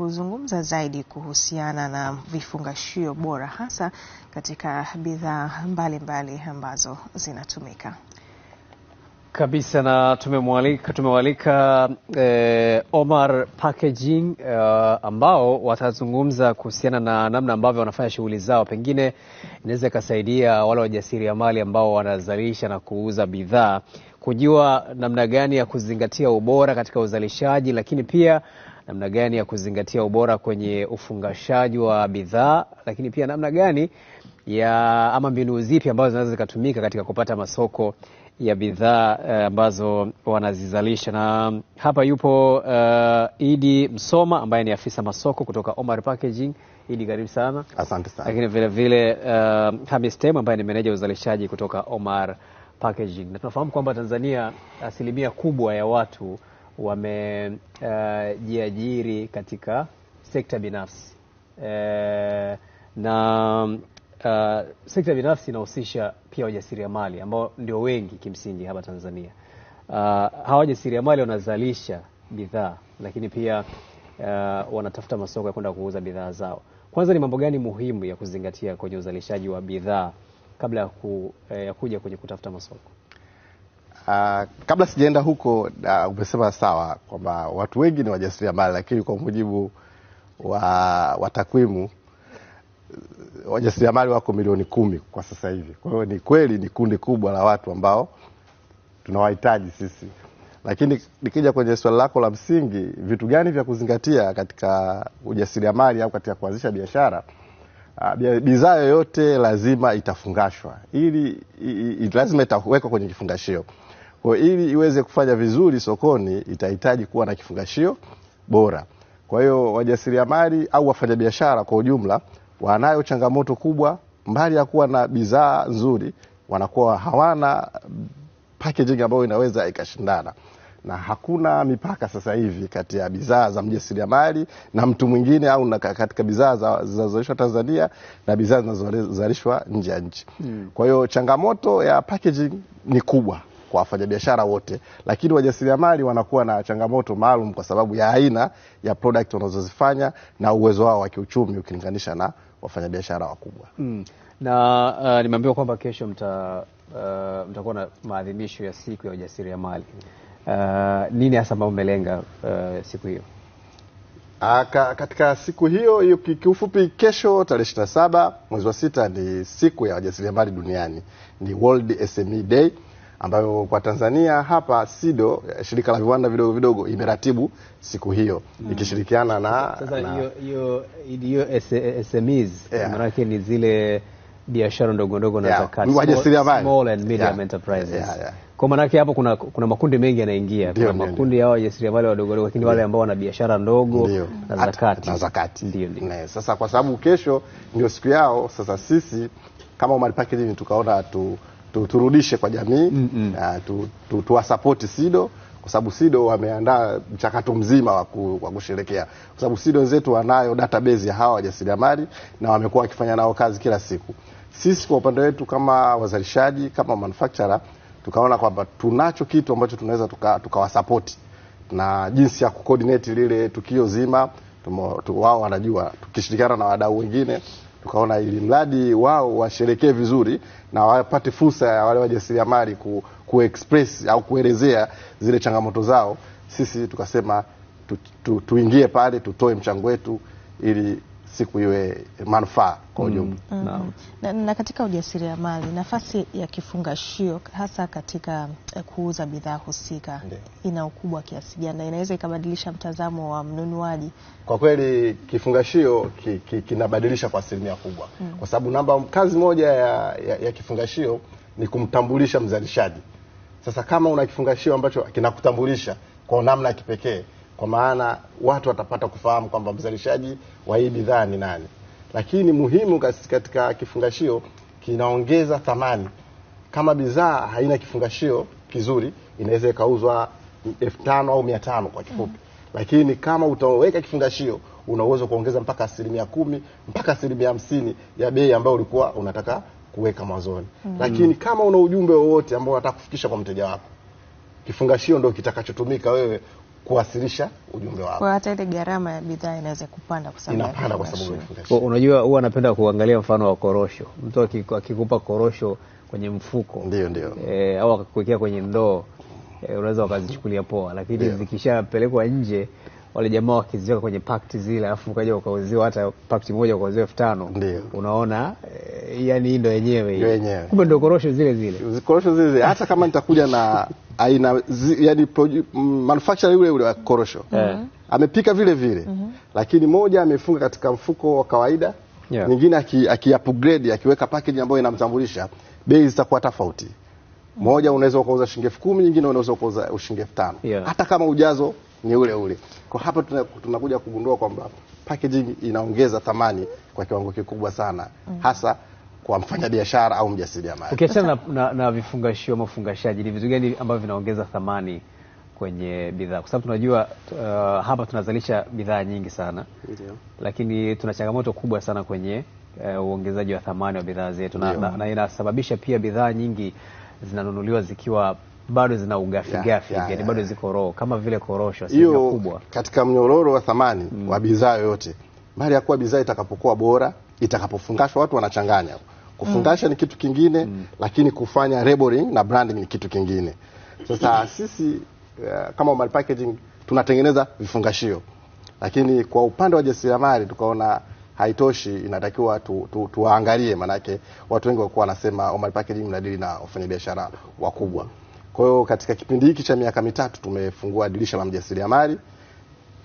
kuzungumza zaidi kuhusiana na vifungashio bora hasa katika bidhaa mbalimbali ambazo zinatumika kabisa na tumemwalika tumewalika eh, Omar Packaging eh, ambao watazungumza kuhusiana na namna ambavyo wanafanya shughuli zao. Pengine inaweza ikasaidia wale wajasiriamali ambao wanazalisha na kuuza bidhaa kujua namna gani ya kuzingatia ubora katika uzalishaji, lakini pia namna gani ya kuzingatia ubora kwenye ufungashaji wa bidhaa, lakini pia namna gani ya ama mbinu zipi ambazo zinaweza zikatumika katika kupata masoko ya bidhaa eh, ambazo wanazizalisha. Na hapa yupo uh, Idi Msoma ambaye ni afisa masoko kutoka Omar Packaging. Idi, karibu sana. Asante sana. Lakini vile vile uh, Hamis Tem ambaye ni meneja uzalishaji kutoka Omar Packaging. Na tunafahamu kwamba Tanzania asilimia kubwa ya watu wamejiajiri eh, uh, katika sekta binafsi e, na uh, sekta binafsi inahusisha pia wajasiriamali ambao ndio wengi kimsingi hapa Tanzania. Uh, hawa wajasiriamali wanazalisha bidhaa lakini pia uh, wanatafuta masoko ya kwenda kuuza bidhaa zao. Kwanza ni mambo gani muhimu ya kuzingatia kwenye uzalishaji wa bidhaa kabla ya, ku, ya kuja kwenye kutafuta masoko? Uh, kabla sijaenda huko uh, umesema sawa kwamba watu wengi ni wajasiriamali, lakini kwa mujibu wa, wa takwimu wajasiriamali wako milioni kumi kwa sasa hivi. Kwa hiyo ni kweli ni kundi kubwa la watu ambao tunawahitaji sisi, lakini nikija kwenye swali lako la msingi, vitu gani vya kuzingatia katika ujasiriamali au katika kuanzisha biashara? Ah, bidhaa yoyote lazima itafungashwa ili i, i, lazima itawekwa kwenye kifungashio. Kwa ili iweze kufanya vizuri sokoni itahitaji kuwa na kifungashio bora. Kwa hiyo wajasiriamali au wafanyabiashara kwa ujumla wanayo changamoto kubwa, mbali ya kuwa na bidhaa nzuri, wanakuwa hawana packaging ambayo inaweza ikashindana na hakuna mipaka sasa hivi kati ya bidhaa za mjasiriamali na mtu mwingine au katika bidhaa zinazozalishwa Tanzania na bidhaa zinazozalishwa nje ya nchi. Hmm. Kwa hiyo changamoto ya packaging ni kubwa kwa wafanyabiashara wote, lakini wajasiriamali wanakuwa na changamoto maalum kwa sababu ya aina ya product wanazozifanya na uwezo wao wa kiuchumi ukilinganisha na wafanyabiashara wakubwa mm. Na uh, nimeambiwa kwamba kesho mta, uh, mtakuwa na maadhimisho ya siku ya ujasiriamali uh, nini hasa ambayo mmelenga uh, siku hiyo? Aka, ah, katika siku hiyo hiyo kiufupi, kesho tarehe na saba mwezi wa sita ni siku ya wajasiriamali duniani, ni World SME Day ambayo kwa Tanzania hapa SIDO, eh, shirika la viwanda vidogo vidogo, imeratibu siku hiyo mm. ikishirikiana na hiyo SMEs, maana ni zile biashara ndogo ndogo na zakati, small and medium enterprises. Kwa maana yake hapo kuna, kuna makundi mengi yanaingia, kuna makundi ya wajasiriamali wadogo wadogo, lakini wale ambao wana biashara ndogo na zakati, na zakati. sasa kwa sababu kesho ndio siku yao, sasa sisi kama Human Packaging tukaona tu tu, turudishe kwa jamii mm -mm. Uh, tu, tu, tuwasapoti SIDO kwa sababu SIDO wameandaa mchakato mzima wa kusherekea, kwa sababu SIDO wenzetu wanayo database ya hawa wajasiriamali na wamekuwa wakifanya nao kazi kila siku. Sisi kwa upande wetu kama wazalishaji, kama manufacturer, tukaona kwamba tunacho kitu ambacho tunaweza tukawasapoti tuka na jinsi ya kucoordinate lile tukio zima, wao wanajua, tukishirikiana na wadau wengine tukaona ili mradi wao washerekee vizuri na wapate fursa ya wale wajasiriamali ku, ku express au kuelezea zile changamoto zao, sisi tukasema tu, tu, tuingie pale tutoe mchango wetu ili siku iwe manufaa kwa mm. ujumla mm. mm. na, na katika ujasiriamali nafasi ya kifungashio hasa katika eh, kuuza bidhaa husika Nde. ina ukubwa kiasi gani na inaweza ikabadilisha mtazamo wa mnunuaji? Kwa kweli kifungashio ki, ki, kinabadilisha kwa asilimia kubwa mm. kwa sababu namba kazi moja ya, ya, ya kifungashio ni kumtambulisha mzalishaji. Sasa kama una kifungashio ambacho kinakutambulisha kwa namna ya kipekee kwa maana watu watapata kufahamu kwamba mzalishaji wa hii bidhaa ni nani. Lakini muhimu katika kifungashio, kinaongeza thamani. Kama bidhaa haina kifungashio kizuri, inaweza ikauzwa elfu tano au mia tano kwa kifupi mm. Lakini kama utaweka kifungashio, una uwezo kuongeza mpaka asilimia kumi mpaka asilimia hamsini ya bei ambayo ulikuwa unataka kuweka mwanzoni mm. Lakini kama una ujumbe wowote ambao unataka kufikisha kwa mteja wako, kifungashio ndio kitakachotumika wewe kuwasilisha ujumbe wao. Kwa hata ile gharama ya bidhaa inaweza kupanda kwa sababu inapanda kwa sababu ya unajua, huwa anapenda kuangalia mfano wa korosho. Mtu akikupa korosho kwenye mfuko ndio ndio, e, au akakuwekea kwenye ndoo e, unaweza ukazichukulia poa, lakini zikishapelekwa nje wale jamaa wakiziweka kwenye pakti zile, alafu ukaja ukauziwa hata pakti moja ukauziwa elfu tano unaona e, yani hii ndo yenyewe, kumbe ndo korosho zile zile, korosho zile zile. Hata kama nitakuja na aina yani mm, manufacturer yule yule wa korosho mm-hmm. amepika vile vile mm-hmm. lakini moja amefunga katika mfuko wa kawaida yeah. nyingine aki-upgrade akiweka package ambayo inamtambulisha, bei zitakuwa tofauti. Mhm. Moja unaweza ukauza shilingi elfu kumi nyingine unaweza ukauza shilingi elfu tano yeah. hata kama ujazo ni ule ule. Kwa hapa tunakuja kugundua kwamba packaging inaongeza thamani kwa kiwango kikubwa sana mm. hasa kwa mfanyabiashara au mjasiriamali. Ukiachana okay, na, na vifungashio ama ufungashaji, ni vitu gani ambavyo vinaongeza thamani kwenye bidhaa? Kwa sababu tunajua uh, hapa tunazalisha bidhaa nyingi sana ndio, lakini tuna changamoto kubwa sana kwenye uh, uongezaji wa thamani wa bidhaa zetu na, na, na inasababisha pia bidhaa nyingi zinanunuliwa zikiwa bado zina ugafigafi, yani bado ziko roho kama vile korosho asilimia kubwa katika mnyororo wa thamani mm. wa bidhaa yoyote, mali ya kuwa bidhaa itakapokuwa bora, itakapofungashwa, watu wanachanganya kufungasha mm. ni kitu kingine mm. lakini kufanya labeling na branding ni kitu kingine. Sasa mm. sisi uh, kama Omary Packaging tunatengeneza vifungashio, lakini kwa upande wa jasiriamali tukaona haitoshi, inatakiwa tu, tu, tuwaangalie, maanake watu wengi wakuwa wanasema Omary Packaging mnadili na wafanyabiashara wakubwa. Kwa hiyo katika kipindi hiki cha miaka mitatu tumefungua dirisha la mjasiriamali,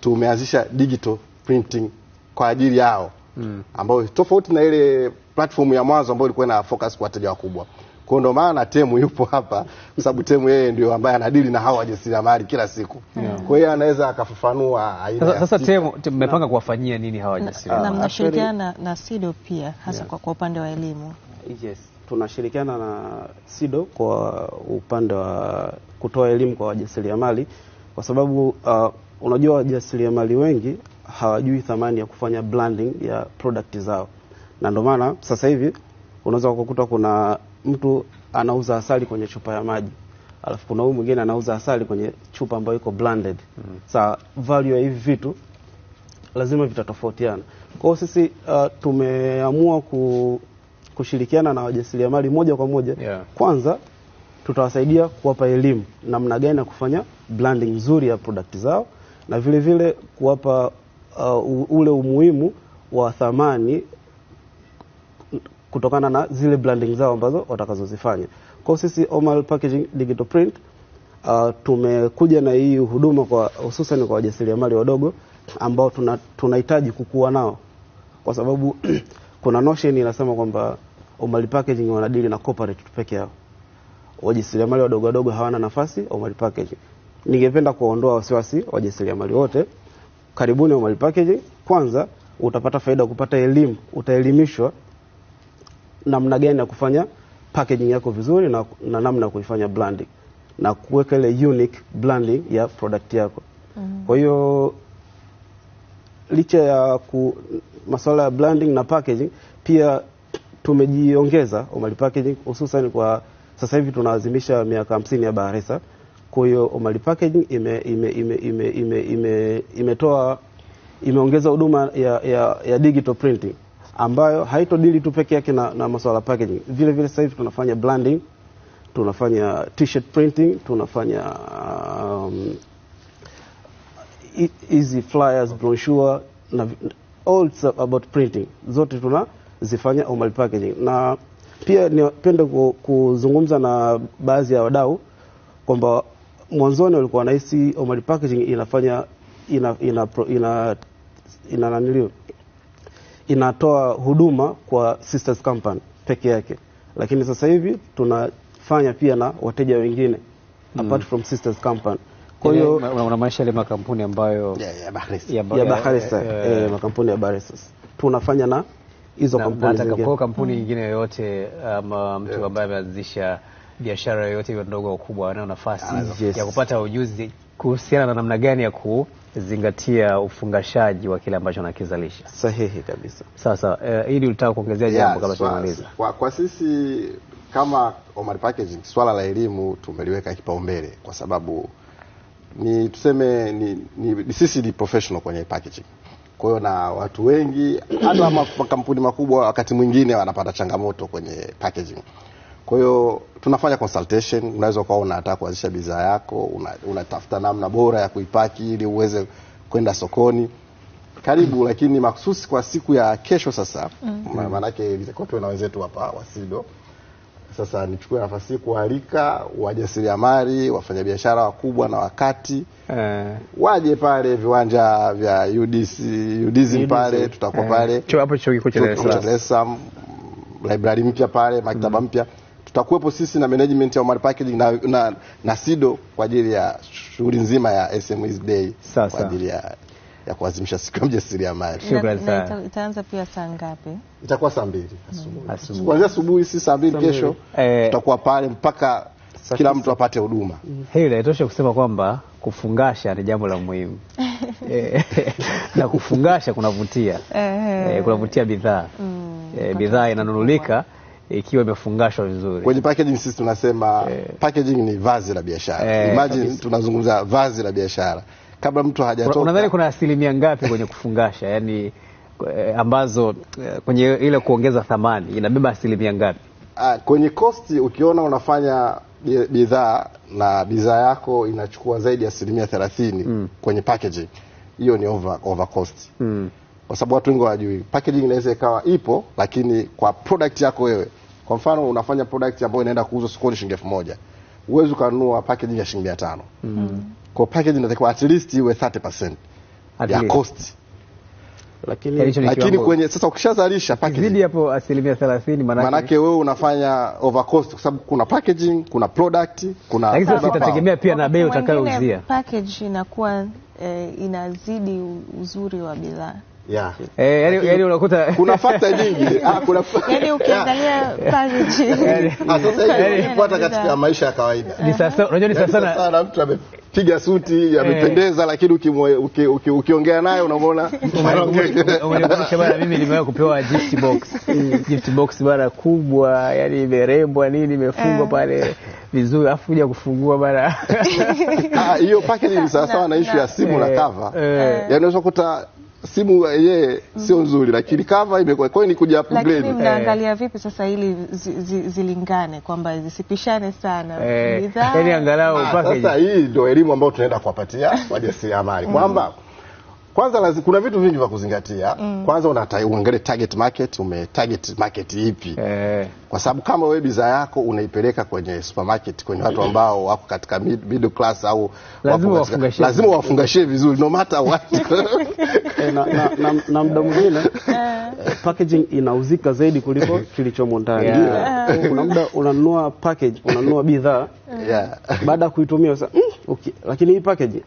tumeanzisha digital printing kwa ajili yao mm. ambayo tofauti na ile platform ya mwanzo ambayo ilikuwa ina focus kwa wateja wakubwa. Kwa ndo maana Temu yupo hapa kwa sababu Temu yeye ndio ambaye anadili na hawa wajasiriamali kila siku yeah. Kwa hiyo anaweza akafafanua aina sasa, sasa Temu mmepanga kuwafanyia nini hawa wajasiriamali na mnashirikiana na SIDO pia hasa yeah. kwa upande wa elimu yes tunashirikiana na SIDO kwa upande wa kutoa elimu kwa wajasiriamali kwa sababu uh, unajua wajasiriamali wengi hawajui thamani ya kufanya branding ya product zao, na ndio maana sasa hivi unaweza kukuta kuna mtu anauza asali kwenye chupa ya maji alafu kuna huyu mwingine anauza asali kwenye chupa ambayo iko blended. mm -hmm. Sa value ya hivi vitu lazima vitatofautiana. Kwa hiyo sisi uh, tumeamua ku kushirikiana na wajasiriamali moja kwa moja yeah. Kwanza tutawasaidia kuwapa elimu namna gani ya kufanya branding nzuri ya product zao na vile vile kuwapa uh, ule umuhimu wa thamani kutokana na zile branding zao ambazo watakazozifanya. Kwa sisi Omal Packaging Digital Print uh, tumekuja na hii huduma kwa hususan kwa wajasiriamali wadogo ambao tunahitaji tuna kukua nao kwa sababu kuna notion inasema kwamba Omali Packaging wanadili na corporate tu peke yao, wajasiriamali wadogo wadogo hawana nafasi Omali Packaging. Ningependa kuondoa wasiwasi wajasiriamali wote, karibuni Omali Packaging. Kwanza utapata faida kupata elimu, utaelimishwa namna gani ya kufanya packaging yako vizuri na, na namna ya kuifanya branding na kuweka ile unique branding ya product yako mm. Kwa hiyo licha ya ku masuala ya branding na packaging pia tumejiongeza Omali Packaging hususan kwa sasa hivi tunaadhimisha miaka hamsini ya Bahresa. Kwa hiyo Omali Packaging ime ime, ime, ime, ime, ime, imeongeza huduma ya, ya, ya digital printing ambayo haitodili tu peke yake na, na masuala packaging. Vile vile sasa hivi tunafanya branding, tunafanya t-shirt printing, tunafanya um, e-, easy flyers, brochure na all about printing zote tuna zifanye omal packaging. Na pia nipende kuzungumza na baadhi ya wadau kwamba mwanzoni walikuwa wanahisi omal packaging inafanya ina ina ina, ina nanilio inatoa huduma kwa sisters company peke yake, lakini sasa hivi tunafanya pia na wateja wengine mm. apart from sisters company kwa hiyo unamaanisha ile makampuni ambayo ya ya Bahresa, eh, eh, eh. makampuni ya Bahresa tunafanya na hizo kampuni zingine. Kwa kampuni nyingine yoyote ama um, um, mtu ambaye ameanzisha biashara yoyote iwe ndogo au kubwa, anayo nafasi ah, yes, ya kupata ujuzi kuhusiana na namna gani ya kuzingatia ufungashaji wa kile ambacho anakizalisha. Sahihi kabisa, sawa sawa. Uh, eh, ili ulitaka kuongezea jambo kabla tunamaliza? Kwa, kwa sisi kama Omar Packaging, swala la elimu tumeliweka kipaumbele kwa sababu ni tuseme ni, ni, ni, sisi ni professional kwenye packaging kwa hiyo na watu wengi hata makampuni makubwa wakati mwingine wanapata changamoto kwenye packaging. Kwa hiyo tunafanya consultation, unaweza ukawa unataka kuanzisha bidhaa yako, unatafuta una namna bora ya kuipaki ili uweze kwenda sokoni karibu, mm. lakini makususi kwa siku ya kesho sasa, mm. maanake mm -hmm. na wenzetu hapa Wasido sasa nichukue nafasi hii kualika wajasiriamali, wafanyabiashara wakubwa na wakati eh, waje pale viwanja vya UDC, UDISM pale tutakuwa eh. pale hapo chuo kikuu cha Dar es Salaam, library mpya pale, maktaba mm. mpya mm. Tutakuwepo sisi na management ya Omar Packaging na, na, na SIDO kwa ajili ya shughuli nzima ya SMEs Day kwa ajili ya ya kuadhimisha siku ya mjasiriamali. Shukrani sana. Itaanza pia saa ngapi? Itakuwa saa mbili asubuhi, kuanzia asubuhi, si saa mbili kesho eh. tutakuwa pale mpaka kila mtu apate huduma. Hilo inatosha kusema kwamba kufungasha ni jambo la muhimu eh, na kufungasha kunavutia, eh. kunavutia bidhaa, mm. bidhaa inanunulika ikiwa imefungashwa vizuri. Kwenye packaging sisi tunasema packaging ni vazi la biashara. Imagine tunazungumza vazi la biashara kabla mtu hajatoka. Unadhani kuna asilimia ngapi kwenye kufungasha yani eh, ambazo eh, kwenye ile kuongeza thamani inabeba asilimia ngapi? Ah, kwenye kosti ukiona unafanya bidhaa na bidhaa yako inachukua zaidi ya asilimia thelathini mm. kwenye packaging hiyo ni over, over cost mm. kwa sababu watu wengi hawajui packaging inaweza ikawa ipo, lakini kwa product yako wewe, kwa mfano unafanya product ambayo inaenda kuuzwa sokoni shilingi elfu moja huwezi ukanunua packaging ya shilingi mia tano mm kwa package inatakiwa at least iwe 30% at ya least. cost lakini, lakini kwenye sasa ukishazalisha package zidi hapo asilimia 30 manake, manake wewe unafanya over cost kwa sababu kuna packaging, kuna product, kuna lakini sasa itategemea pia na bei utakayouzia. Package inakuwa eh, inazidi uzuri wa bidhaa. Yeah. yani, unakuta kuna fakta nyingi. Ah, kuna yani ukiangalia parity. Yani sasa hivi unapata katika maisha ya kawaida. Ni sasa unajua ni sasa sana mtu amepiga suti, yamependeza eh. lakini ukiongea naye unamuona unakumbusha bana mimi nimewahi kupewa gift box. Gift box bana kubwa, yani imerembwa nini imefungwa eh. pale vizuri afu kuja kufungua bana. Ah, hiyo package ni sawa sawa na issue ya simu na eh. cover. Yaani unaweza kukuta simu yeye eh, sio mhm. nzuri, lakini kava imekuwa. Kwa hiyo ni kuja upgrade. Lakini mnaangalia eh. vipi sasa ili zi, zi, zilingane kwamba zisipishane sana eh. bidhaa? Yaani angalau ah, package. Sasa hii ndio elimu ambayo tunaenda kuwapatia wajasiriamali mm. kwamba kwanza lazi, kuna vitu vingi vya kuzingatia mm. Kwanza uangalie target market, ume target market ipi eh? Kwa sababu kama wewe bidhaa yako unaipeleka kwenye supermarket kwenye watu ambao wako katika mid, middle class au lazima wafungashie vizuri no matter what eh, na, na, na, na mda mwingine eh. Eh, packaging inauzika zaidi kuliko kilichomo ndani yeah. yeah. Kuna muda unanunua package unanunua bidhaa eh. yeah. Baada ya kuitumia sasa mm, okay. Lakini hii package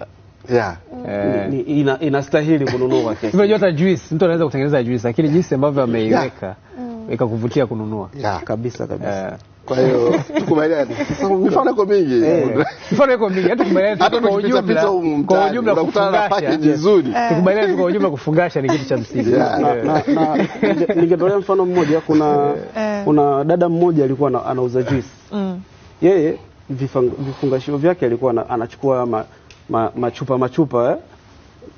yeah. Eh. inastahili kununua kesi. Unajua hata juice mtu anaweza kutengeneza juice lakini jinsi ambavyo ameiweka mm. ikakuvutia kununua. Yeah. Kabisa kabisa. Eh. Kwa hiyo tukubaliane. Mifano iko mingi. Eh. Mifano iko mingi. Hata kubaliana kwa ujumla. Kwa ujumla na package nzuri. Eh. Tukubaliane kwa ujumla kufungasha ni kitu cha msingi. Ningetolea mfano mmoja kuna kuna dada mmoja alikuwa anauza juice. Mm. Yeye vifungashio vyake alikuwa anachukua ma, machupa machupa eh?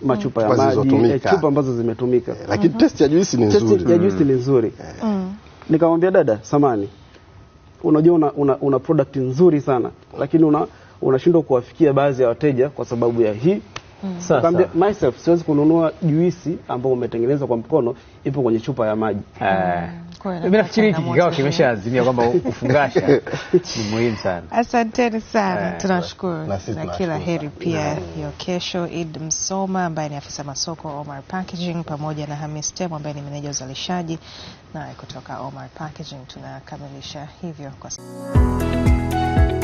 machupa mm. ya maji eh, chupa ambazo zimetumika eh, lakini mm -hmm. test ya juisi ni nzuri, test ya juisi ni nzuri eh. mm. Nikamwambia dada, samani, unajua una, una, una product nzuri sana, lakini unashindwa una kuwafikia baadhi ya wateja kwa sababu ya hii Mm. Nikamwambia myself siwezi kununua juisi ambayo umetengeneza kwa mkono ipo kwenye chupa ya maji. mm. Mimi nafikiri hiki kikao kimeshaazimia kwamba kufungasha ni muhimu sana. Asanteni sana, eh. tunashukuru na kila heri pia hiyo kesho. Id Msoma ambaye ni afisa masoko Omar Packaging, pamoja na Hamis Tem ambaye ni meneja uzalishaji naye kutoka Omar Packaging, tunakamilisha hivyo kwa